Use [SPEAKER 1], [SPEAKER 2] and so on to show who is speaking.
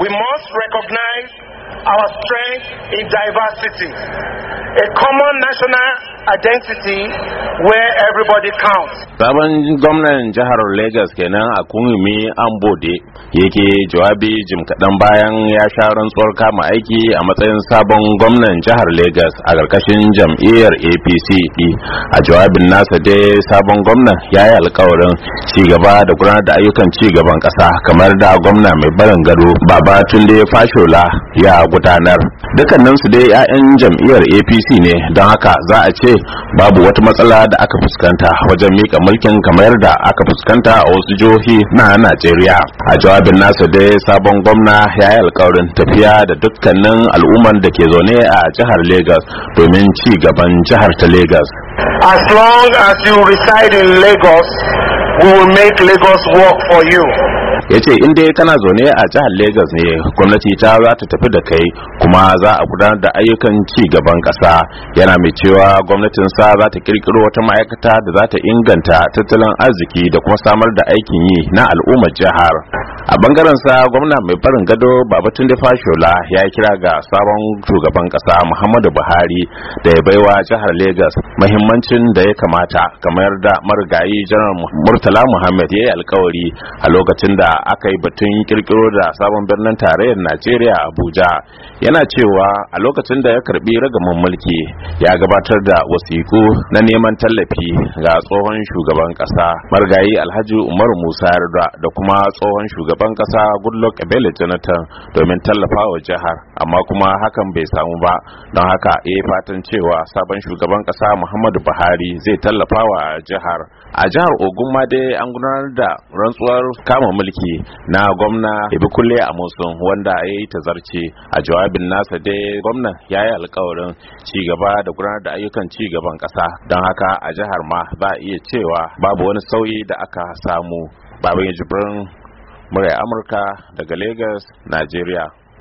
[SPEAKER 1] We must recognize our strength in diversity. A common national identity where everybody counts. Sabon gwamnan jihar Lagos kenan a kunumi bode yake jawabi jim kaɗan bayan ya sha rantsuwar kama aiki a matsayin sabon gwamnan jihar Lagos a ƙarƙashin jam'iyyar APC. A jawabin nasa dai sabon gwamnan ya yi alkawarin cigaba da gudanar da ayyukan ci cigaban ƙasa kamar da gwamna mai barin gado Tunde Fashola ya A gudanar dukkanin su dai 'ya'yan jam'iyyar apc ne don haka za a ce babu wata matsala da aka fuskanta wajen mika mulkin kamar da aka fuskanta a wasu jihohi na najeriya a jawabin nasa dai sabon gwamna ya yi alkawarin tafiya da dukkanin al'umman da ke zaune a jihar lagos domin ci gaban jihar ta lagos as long as you reside in lagos we will make lagos work for you ya ce in dai kana zaune a jihar lagos ne gwamnati ta za ta tafi da kai kuma za a gudanar da ayyukan ci gaban ƙasa yana mai cewa gwamnatin sa za ta kirkiro wata ma'aikata da za ta inganta tattalin arziki da kuma samar da aikin yi na al'ummar jihar a bangaren sa gwamna mai farin gado tunde fashola ya kira ga sabon shugaban kasa muhammadu buhari da ya baiwa jihar lagos mahimmancin da ya kamata kamar da marigayi janar murtala muhammad ya yi alkawari a lokacin da aka yi batun kirkiro da sabon birnin tarayyar najeriya abuja yana cewa a lokacin da ya karbi ragaman mulki ya gabatar da wasiku na neman tallafi ga tsohon shugaban kasa marigayi alhaji umaru musa da kuma tsohon shugaban shugaban kasa goodluck ebele jonathan domin tallafa wa jihar amma kuma hakan bai samu ba don haka ya eh, fatan cewa sabon shugaban kasa muhammadu buhari zai tallafa wa jihar a jihar ogun ma dai an gudanar da rantsuwar kama mulki na gwamna a amusun wanda ya yi tazarce a jawabin nasa dai gwamna ya yi alkawarin cigaba da gudanar da ayyukan cigaban kasa don haka a jihar ma ba iya cewa babu wani sauyi da aka samu baban ya murai amurka daga lagos nigeria